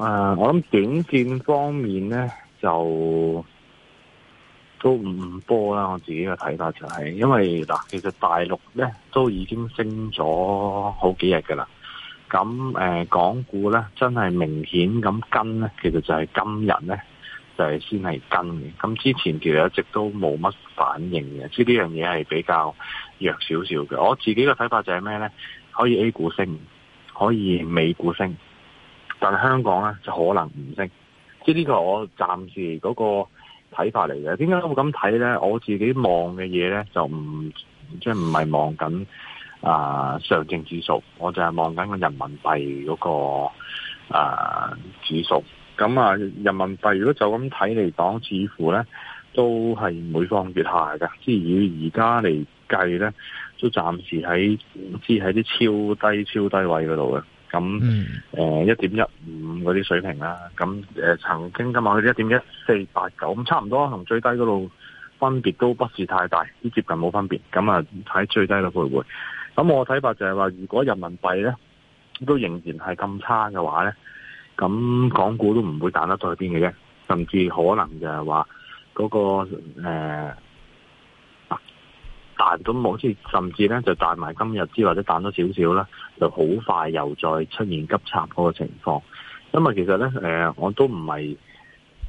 誒、呃，我諗短線方面呢，就都唔多啦。我自己嘅睇法就係、是，因為嗱，其實大陸呢，都已經升咗好幾日噶啦。咁誒、呃，港股呢，真係明顯咁跟呢，其實就係今日呢，就係、是、先係跟嘅。咁之前其實一直都冇乜反應嘅，即係呢樣嘢係比較弱少少嘅。我自己嘅睇法就係咩呢？可以 A 股升，可以美股升。但香港咧就可能唔升，即係呢個我暫時嗰個睇法嚟嘅。點解會咁睇咧？我自己望嘅嘢咧就唔即係唔係望緊啊上證指數，我就係望緊個人民幣嗰、那個啊、呃、指數。咁啊，人民幣如果就咁睇嚟講，似乎咧都係每況愈下㗎。即係以而家嚟計咧，都暫時喺唔知喺啲超低超低位嗰度嘅。咁誒一點一五嗰啲水平啦，咁誒、呃、曾經今日佢一點一四八九，咁差唔多同最低嗰度分別都不是太大，都接近冇分別。咁啊喺最低度徘徊。咁我睇法就係話，如果人民幣咧都仍然係咁差嘅話咧，咁港股都唔會彈得到去邊嘅啫，甚至可能就係話嗰個、呃彈都冇，甚至甚至咧就彈埋今日之，或者彈咗少少啦，就好快又再出現急插嗰個情況。因為其實咧，誒、呃，我都唔係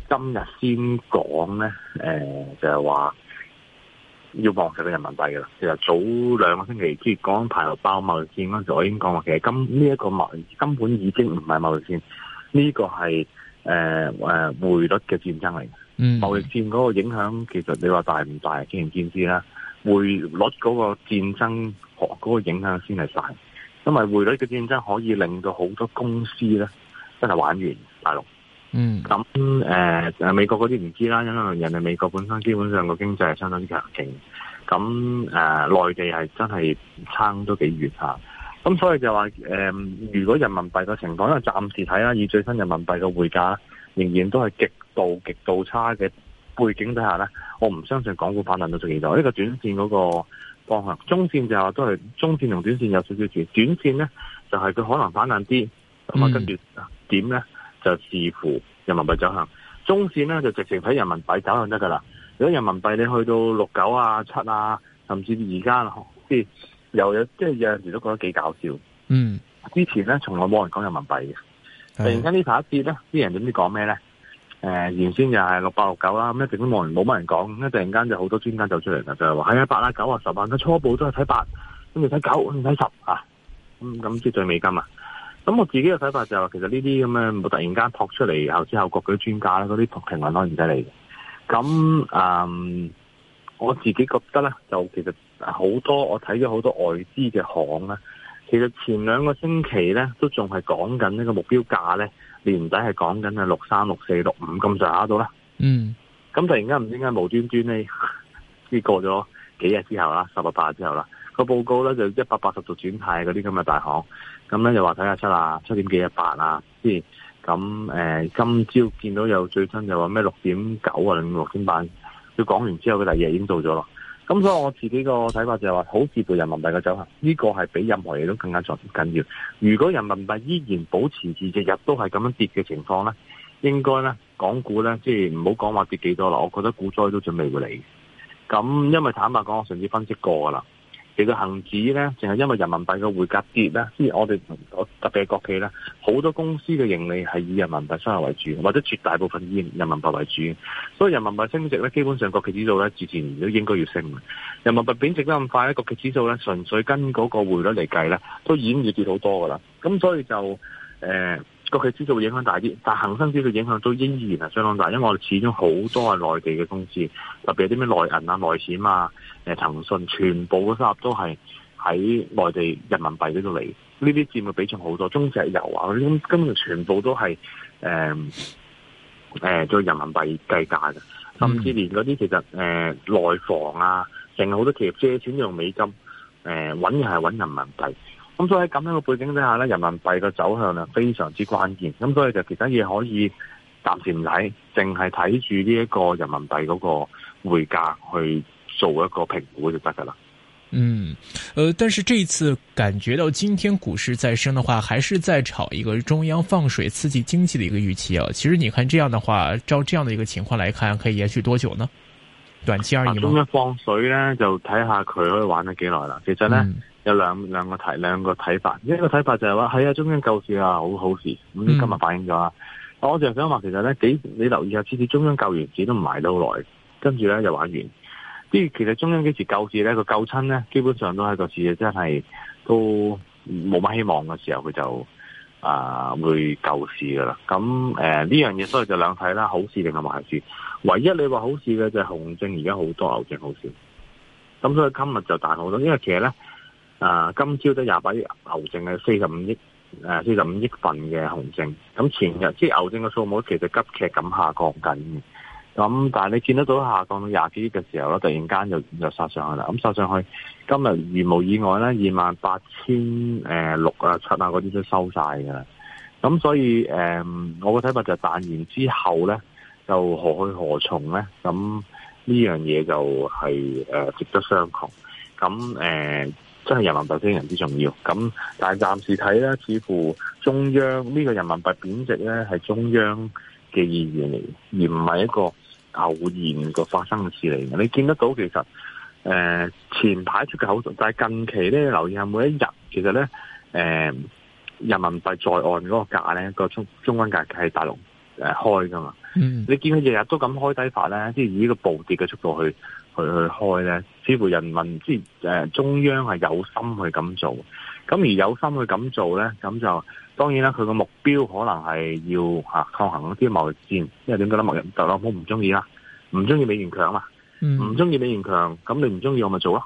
今日先講咧，誒、呃，就係、是、話要望實個人民幣㗎啦。其實早兩個星期之，即係講排球包貿易戰嗰陣，我已經講話，其實今呢一、這個貿根本已經唔係貿易戰，呢、這個係誒誒匯率嘅戰爭嚟。嗯、貿貿易戰嗰個影響，其實你話大唔大，見仁見智啦。匯率嗰個戰爭嗰個影響先係大，因為匯率嘅戰爭可以令到好多公司咧真係玩完大陸。嗯，咁、呃、美國嗰啲唔知啦，因為人哋美國本身基本上個經濟係相當之強勁，咁、呃、內地係真係差都幾遠嚇。咁所以就話、呃、如果人民幣嘅情況，因為暫時睇啦，以最新人民幣嘅匯價，仍然都係極度極度差嘅。背景底下咧，我唔相信港股反彈到咁嚴重。呢個短線嗰個方向，中線就都、是、係中線同短線有少少轉，短線咧就係、是、佢可能反彈啲，咁啊跟住點咧就視乎人民幣走向。中線咧就直情睇人民幣走向得噶啦。如果人民幣你去到六九啊七啊，甚至而家即係又有即係、就是、有陣時都覺得幾搞笑。嗯，之前咧從來冇人講人民幣嘅，嗯、突然間一節呢排跌咧，啲人點知講咩咧？誒、呃、原先就係六八六九啦，咁、嗯、一直都冇人冇乜人講，咁一突然間就好多專家走出嚟啦，就係話係啊八啦九啊十萬、啊，咁初步都係睇八，跟住睇九，睇十啊，咁咁即最美金啊。咁、嗯、我自己嘅睇法就係、是、話，其實呢啲咁嘅突然間撲出嚟後知後覺嗰啲專家啦，嗰啲評論家嚟嘅。咁、嗯、啊，我自己覺得咧，就其實好多我睇咗好多外資嘅行咧，其實前兩個星期咧都仲係講緊呢個目標價咧。年仔係講緊啊，六三六四六五，咁就吓到啦，嗯，咁突然間唔知點解無端端咧，跌過咗幾日之後啦，十百八之後啦，個報告咧就一百八十度轉派嗰啲咁嘅大行，咁咧就話睇下七啊，七點幾一百啊，即係咁誒，今朝見到有最新就話咩，六點九啊，六點八，佢講完之後佢第二日已經到咗啦。咁、嗯、所以我自己個睇法就係話，好似對人民幣嘅走向呢、這個係比任何嘢都更加重要緊要。如果人民幣依然保持住日日都係咁樣跌嘅情況呢，應該呢港股呢，即係唔好講話跌幾多啦，我覺得股災都準備會嚟。咁、嗯、因為坦白講，我上次分析過噶啦。其個恒指咧，淨係因為人民幣嘅匯價跌咧，即係我哋我特別係國企咧，好多公司嘅盈利係以人民幣收入為主，或者絕大部分以人民幣為主，所以人民幣升值咧，基本上國企指數咧自然都應該要升。人民幣貶值得咁快咧，國企指數咧純粹跟嗰個匯率嚟計咧，都已經要跌好多噶啦。咁所以就誒、呃、國企指數會影響大啲，但恒生指數影響都依然係相當大，因為我哋始終好多係內地嘅公司，特別係啲咩內銀啊、內險啊。誒，騰訊全部嘅收入都係喺內地人民幣呢度嚟，呢啲佔嘅比重好多，中石油啊啲根本全部都係誒誒做人民幣計價嘅，甚至連嗰啲其實誒內、呃、房啊，成好多企業借錢用美金，誒搵又係搵人民幣。咁所以喺咁樣嘅背景底下咧，人民幣嘅走向咧非常之關鍵。咁所以就其他嘢可以暫時唔使淨係睇住呢一個人民幣嗰個匯價去。做一個評估就得噶啦。嗯，呃，但是這一次感覺到今天股市再升的話，還是在炒一個中央放水刺激經濟的一個預期啊。其實你看這樣的話，照這樣的一個情況來看，可以延續多久呢？短期而已、啊、中央放水咧，就睇下佢可以玩咗幾耐啦。其實咧、嗯、有兩兩個題兩個睇法，一個睇法就係話喺啊中央救市啊好好事，咁、嗯、今日反映咗啊，嗯、我就想話，其實咧幾你留意下，次次中央救完市都唔埋得好耐，跟住咧又玩完。其實中央幾時救市咧，個救親咧，基本上都係個市啊，真係都冇乜希望嘅時候，佢就啊、呃、會救市噶啦。咁呢、呃、樣嘢，所以就兩睇啦，好事定係壞事？唯一你話好事嘅就係熊證，而家好多牛證，好少。咁所以今日就大好多，因為其實咧啊、呃，今朝都廿八億牛證係四十五億誒四十五億份嘅熊證。咁前日即係牛證嘅數目其實急劇咁下降緊。咁但係你見得到下降到廿幾億嘅時候咧，突然間就就殺上去啦。咁、嗯、殺上去，今日如無意外咧，二萬八千誒六啊七啊嗰啲都收晒㗎啦。咁、嗯、所以誒、嗯，我個睇法就彈完之後咧，就何去何從咧？咁呢樣嘢就係、是、誒、呃、值得商榷。咁、嗯、誒、呃，真係人民幣非常之重要。咁、嗯、但係暫時睇咧，似乎中央呢、這個人民幣貶值咧係中央嘅意願嚟，而唔係一個。偶然個發生嘅事嚟嘅，你見得到其實，誒、呃、前排出嘅口，但係近期咧留意下每一日，其實咧，誒、呃、人民幣在岸嗰個價咧個中中間價係大陸誒開噶嘛，嗯、你見佢日日都咁開低法咧，即係以呢個暴跌嘅速度去。去去開咧，似乎人民即係、呃、中央係有心去咁做，咁而有心去咁做咧，咁就當然啦。佢個目標可能係要吓、啊、抗衡一啲貿易戰，因為點解咧？貿易特朗普唔中意啦，唔中意美元強嘛，唔中意美元強，咁你唔中意我咪做咯。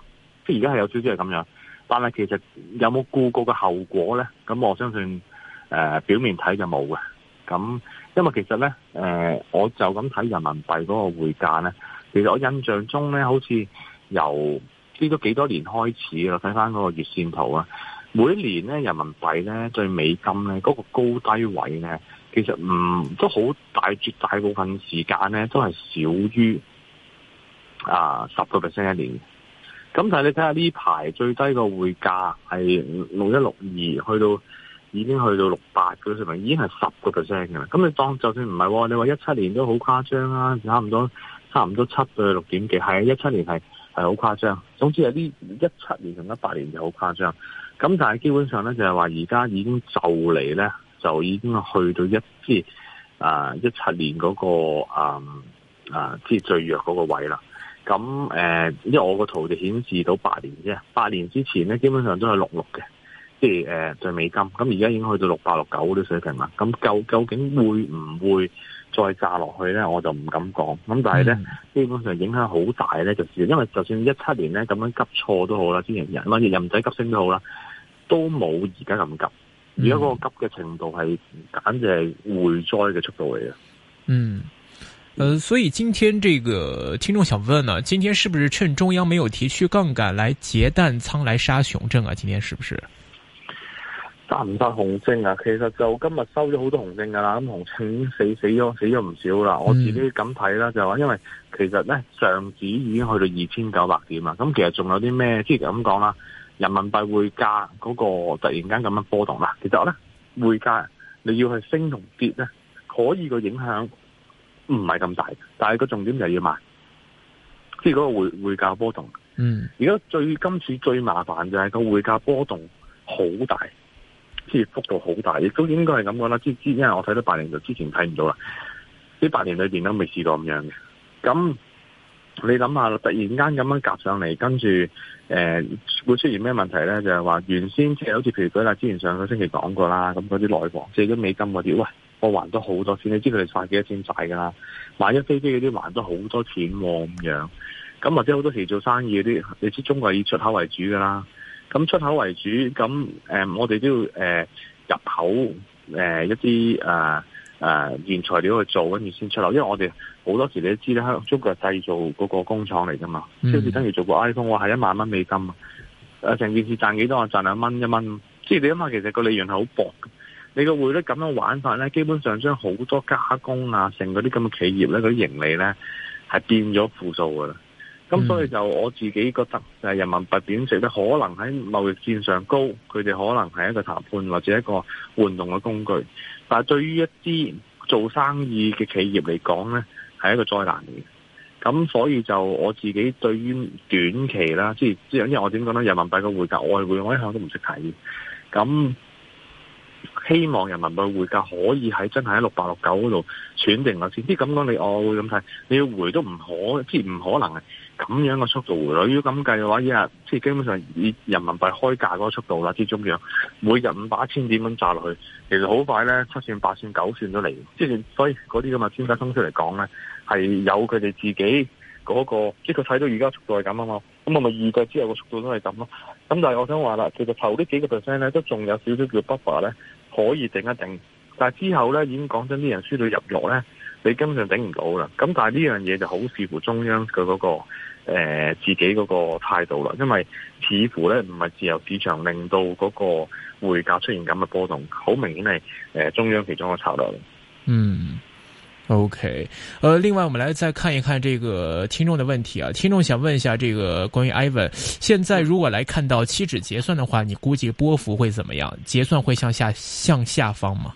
即係而家係有少少係咁樣，但係其實有冇顧過嘅後果咧？咁我相信誒、呃，表面睇就冇嘅。咁因為其實咧，誒、呃，我就咁睇人民幣嗰個匯價咧。其實我印象中咧，好似由呢個幾多年開始啦，睇翻嗰個月線圖啊，每一年咧人民幣咧對美金咧嗰、那個高低位咧，其實唔、嗯、都好大，絕大,大部分時間咧都係少於啊十個 percent 一年。咁但係你睇下呢排最低個匯價係六一六二，去到已經去到六八嗰水平，已經係十個 percent 噶啦。咁你當就算唔係、喎，你話一七年都好誇張啦、啊，差唔多。差唔多七到六點幾，係一七年係好誇張。總之係呢一七年同一八年就好誇張。咁但係基本上咧，就係話而家已經就嚟咧，就已經去到一支一七、呃、年嗰、嗰個、呃、啊啊即係最弱嗰個位啦。咁誒、呃，因為我個圖就顯示到八年啫，八年之前咧，基本上都係六六嘅，即係就對、係呃、美金。咁而家已經去到六八、六九嗰啲水平啦。咁究究竟會唔會？再炸落去咧，我就唔敢講。咁但係咧，基本上影響好大咧，就是因為就算一七年咧咁樣急挫都好啦，之前人，或者人仔急升都好啦，都冇而家咁急。而家嗰個急嘅程度係、嗯、簡直係匯災嘅速度嚟嘅。嗯，誒、呃，所以今天這個聽眾想問啊，今天是不是趁中央沒有提去槓桿來截彈倉來殺熊證啊？今天是不是？殺唔殺紅證啊？其實就今日收咗好多紅證噶啦，咁紅證死死咗死咗唔少啦。我自己咁睇啦，就話因為其實咧，上指已經去到二千九百點喇。咁其實仲有啲咩？即係咁講啦，人民幣匯價嗰個突然間咁樣波動啦。其實咧，匯價你要去升同跌咧，可以個影響唔係咁大，但係個重點就要賣，即係嗰個匯匯價波動。嗯，而家最今次最麻煩就係個匯價波動好大。即係幅度好大，亦都應該係咁㗎啦。即之，因為我睇到八年就之前睇唔到啦，呢八年裏邊都未試過咁樣嘅。咁你諗下，突然間咁樣夾上嚟，跟住誒會出現咩問題咧？就係、是、話原先即係好似譬如舉例，之前上個星期講過啦，咁嗰啲內房借咗美金嗰啲，喂，我還咗好多錢，你知佢哋快幾多錢晒噶啦？買咗飛機嗰啲還咗好多錢咁樣，咁或者好多時做生意嗰啲，你知中國以出口為主噶啦。咁出口為主，咁誒、嗯，我哋都要誒、呃，入口誒、呃、一啲誒誒原材料去做，跟住先出口。因為我哋好多時你都知咧，中國製造製造嗰個工廠嚟噶嘛，即係、嗯、等於做個 iPhone，我係一萬蚊美金嘛，誒成件事賺幾多啊？賺兩蚊一蚊，即係你諗下，其實個利潤係好薄。你個匯率咁樣玩法咧，基本上將好多加工啊，成嗰啲咁嘅企業咧，嗰啲盈利咧係變咗負數噶啦。咁、嗯、所以就我自己覺得就係人民幣貶值咧？可能喺貿易戰上高，佢哋可能係一個談判或者一個玩弄嘅工具。但係對於一啲做生意嘅企業嚟講咧，係一個災難嚟嘅。咁所以就我自己對於短期啦，即係即係因為我點講咧？人民幣嘅匯價、外匯我一向都唔識睇。咁希望人民幣匯價可以喺真係喺六八六九嗰度選定啦，先。啲咁講你我會咁睇，你要回都唔可，即係唔可能啊！咁樣嘅速度匯率，如果咁計嘅話，一日即係基本上以人民幣開價嗰個速度啦，之中樣每日五百一千點咁炸落去，其實好快咧，七算八算九算都嚟。即係所以嗰啲咁嘅專家分析嚟講咧，係有佢哋自己嗰個，即係佢睇到而家速度係咁啊嘛。咁我咪預計之後個速度都係咁咯。咁但係我想話啦，其實頭呢幾個 percent 咧，都仲有少少叫 buffer 咧，可以頂一頂。但係之後咧，已經講真啲人輸到入獄咧。你根本上頂唔到啦，咁但係呢樣嘢就好視乎中央嘅嗰、那個誒、呃、自己嗰個態度啦，因為似乎咧唔係自由市場令到嗰個匯價出現咁嘅波動，好明顯係誒中央其中嘅策略。嗯，OK，誒、呃，另外我們來再看一看這個聽眾的問題啊，聽眾想問一下，這個關於 Ivan，現在如果來看到期指結算的話，你估計波幅會怎麼樣？結算會向下向下方嗎？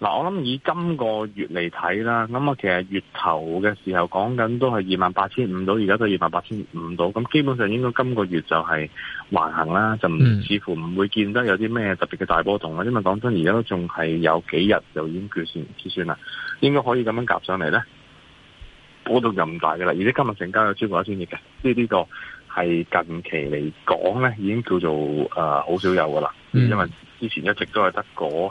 嗱，我諗以今個月嚟睇啦，咁啊，其實月頭嘅時候講緊都係二萬八千五到，而家都二萬八千五到，咁基本上應該今個月就係橫行啦，就似乎唔會見得有啲咩特別嘅大波動啦。因為講真，而家都仲係有幾日就已經決算，結算啦，應該可以咁樣夾上嚟咧，波動就唔大噶啦。而且今日成交有超過一千億嘅，即係呢個係近期嚟講咧，已經叫做誒好、呃、少有噶啦，因為之前一直都係得嗰。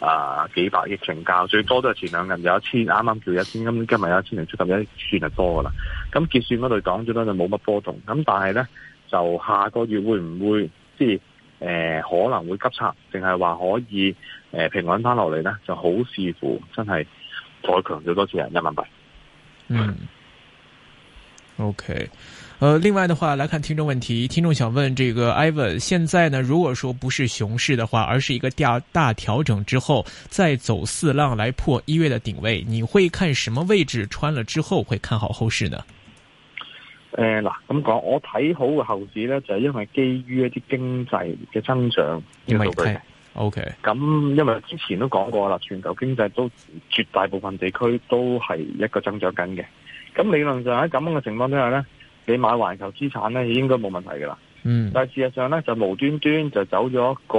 啊，幾百億成交，最多都係前兩日有一千，啱啱叫一千，今日有一千零七十咁樣，算係多噶啦。咁結算嗰度講咗啦，就冇乜波動。咁但係咧，就下個月會唔會即係、呃，可能會急插，定係話可以、呃，平穩翻落嚟咧？就好視乎，真係再強咗多次人民幣。嗯。O K。呃，另外的話，來看聽眾問題，聽眾想問這個 Ivan，現在呢，如果說不是熊市的話，而是一個大大調整之後再走四浪來破一月的頂位，你會看什麼位置穿了之後會看好後市呢？誒嗱，呃，咁講，我睇好嘅後市呢就係、是、因為基於一啲經濟嘅增長嘅數據 OK，咁因為之前都講過啦，全球經濟都絕大部分地區都係一個增長緊嘅，咁理論上喺咁嘅情況之下呢你買環球資產咧，應該冇問題噶啦。嗯，但係事實上咧，就無端端就走咗一個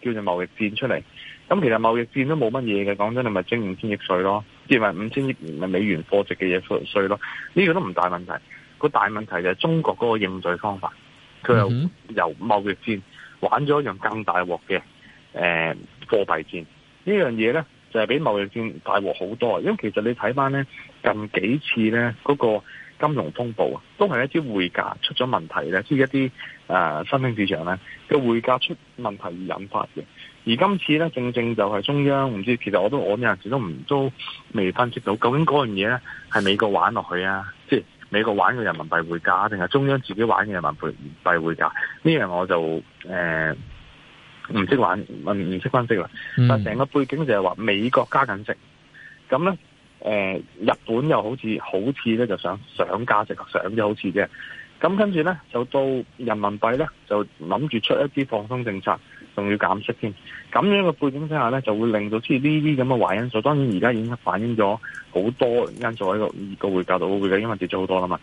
叫做貿易戰出嚟。咁其實貿易戰都冇乜嘢嘅，講真你咪徵五千億稅咯，即係五千億美元貨值嘅嘢出嚟稅咯，呢個都唔大問題。個大問題就係中國嗰個應對方法，佢又由貿易戰玩咗一樣更大鑊嘅誒貨幣戰呢樣嘢咧，就係比貿易戰大鑊好多。因為其實你睇翻咧近幾次咧嗰個。金融風暴啊，都係一啲匯價出咗問題咧，即係一啲誒新興市場咧嘅匯價出問題而引發嘅。而今次咧，正正就係中央唔知，其實我都我呢，陣時都唔都未分析到究竟嗰樣嘢咧係美國玩落去啊，即係美國玩嘅人民幣匯價，定係中央自己玩嘅人民幣匯價？呢樣我就誒唔識玩，唔唔識分析啦。嗯、但係成個背景就係話美國加緊息，咁咧。誒，日本又好似好似咧，就想上價值上啲好似啫。咁跟住咧就到人民幣咧就諗住出一啲放鬆政策，仲要減息添，咁樣嘅背景之下咧，就會令到即係呢啲咁嘅壞因素。當然而家已經反映咗好多因素喺個個匯價度匯嘅嘅因為跌咗好多啦嘛。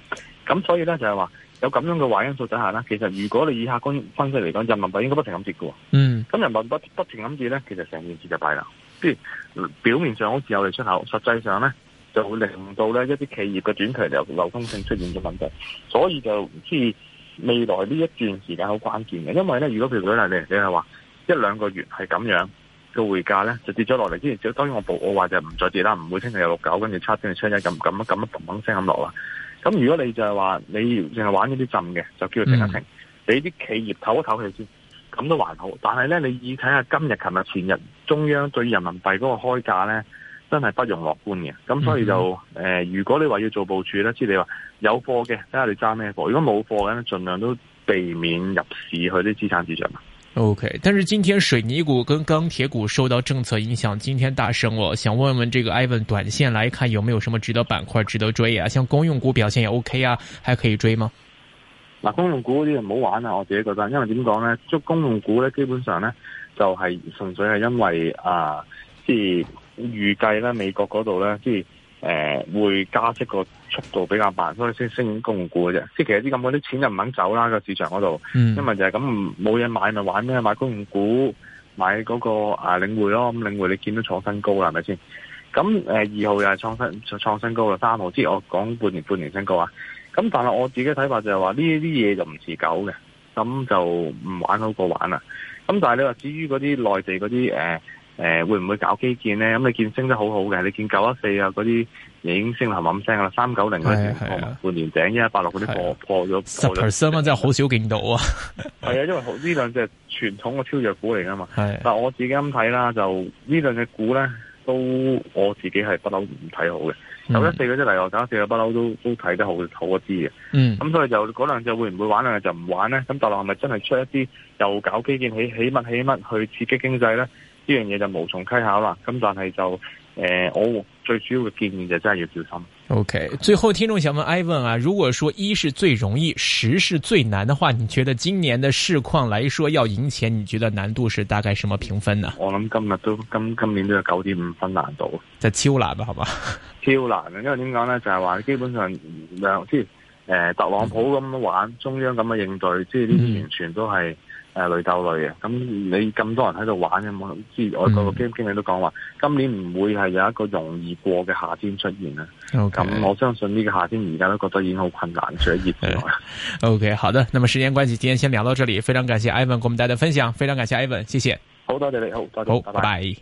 咁所以咧就係、是、話有咁樣嘅壞因素底下咧，其實如果你以下觀分析嚟講，人民幣應該不停咁跌㗎。嗯，咁人民幣不，不停咁跌咧，其實成件事就弊啦。即係表面上好似有利出口，實際上咧就會令到咧一啲企業嘅短期流流通性出現咗問題，所以就即係未來呢一段時間好關鍵嘅。因為咧，如果譬如舉例子，你係話一兩個月係咁樣嘅匯價咧，就跌咗落嚟，之前只當然我我話就唔再跌啦，唔會聽日有六六九，跟住七千七一咁咁咁咁嘣聲咁落啦。咁如果你就係話你淨係玩呢啲浸嘅，就叫停一停，俾啲、嗯、企業唞一唞氣先。咁都還好，但係咧，你以睇下今日、琴日、前日中央對人民幣嗰個開價咧，真係不容樂觀嘅。咁所以就誒、呃，如果你話要做部署咧，即係你話有貨嘅，睇下你揸咩貨；如果冇貨嘅咧，盡量都避免入市去啲資產市場。OK。但係，今天水泥股跟鋼鐵股受到政策影響，今天大升。我想問問這個 Ivan，短線來看，看有沒有什麼值得板塊值得追啊？像公用股表現也 OK 啊，還可以追嗎？嗱公用股嗰啲唔好玩啊，我自己覺得，因為點講咧？即公用股咧，基本上咧就係純粹係因為啊，即、呃、係預計咧美國嗰度咧，即係誒會加息個速度比較慢，所以先升公用股嘅啫。即係其實啲咁嘅啲錢就唔肯走啦個市場嗰度，嗯、因為就係咁冇嘢買咪玩咩，買公用股買嗰個啊領匯咯。咁領匯你見到創新高啦，係咪先？咁誒二號又係創新創，創新高啦，三號即係我講半年半年新高啊！咁但係我自己嘅睇法就係話呢啲嘢就唔持久嘅，咁就唔玩好過玩啦。咁但係你話至於嗰啲內地嗰啲誒誒會唔會搞基建咧？咁你見升得好好嘅，你見九一四啊嗰啲已經升到冚聲啦，三九零嗰啲半年頂一一八六嗰啲破破咗十 percent 啊，真係好少見到啊！係啊，因為呢兩隻傳統嘅超弱股嚟㗎嘛。係、但、我自己咁睇啦，就兩隻呢兩隻股咧都我自己係不嬲唔睇好嘅。九、嗯、一四嗰啲嚟我搞一四，不嬲都都睇得好好一啲嘅。嗯，咁所以就嗰兩日會唔會玩啊？兩日就唔玩咧？咁大陸係咪真係出一啲又搞基建起起乜起乜去刺激經濟咧？呢樣嘢就無從稽考啦。咁但係就。誒、呃，我最主要嘅建議就真係要小心。O、okay, K，最後聽眾想問 Ivan 啊，如果說一是最容易，十是最難的話，你覺得今年的市況來說要贏錢，你覺得難度是大概什麼評分呢？我諗今日都今今年都有九點五分難度，就超難吧，好嗎？超難啊！因為點講呢？就係、是、話基本上兩即係特朗普咁樣玩，嗯、中央咁樣應對，即係呢啲完全都係。誒，綠豆、呃、類嘅，咁你咁多人喺度玩嘅，冇，即係外國嘅基金經理都講話，今年唔會係有一個容易過嘅夏天出現啦。咁 Okay, 我相信呢個夏天，而家都覺得已經好困難，除咗熱之外。O、okay, K，好的，那麼時間關係，今天先聊到這裡，非常感謝 Ivan 跟我們大家分享，非常感謝 Ivan，謝謝。好多謝你，好，多好拜拜。拜拜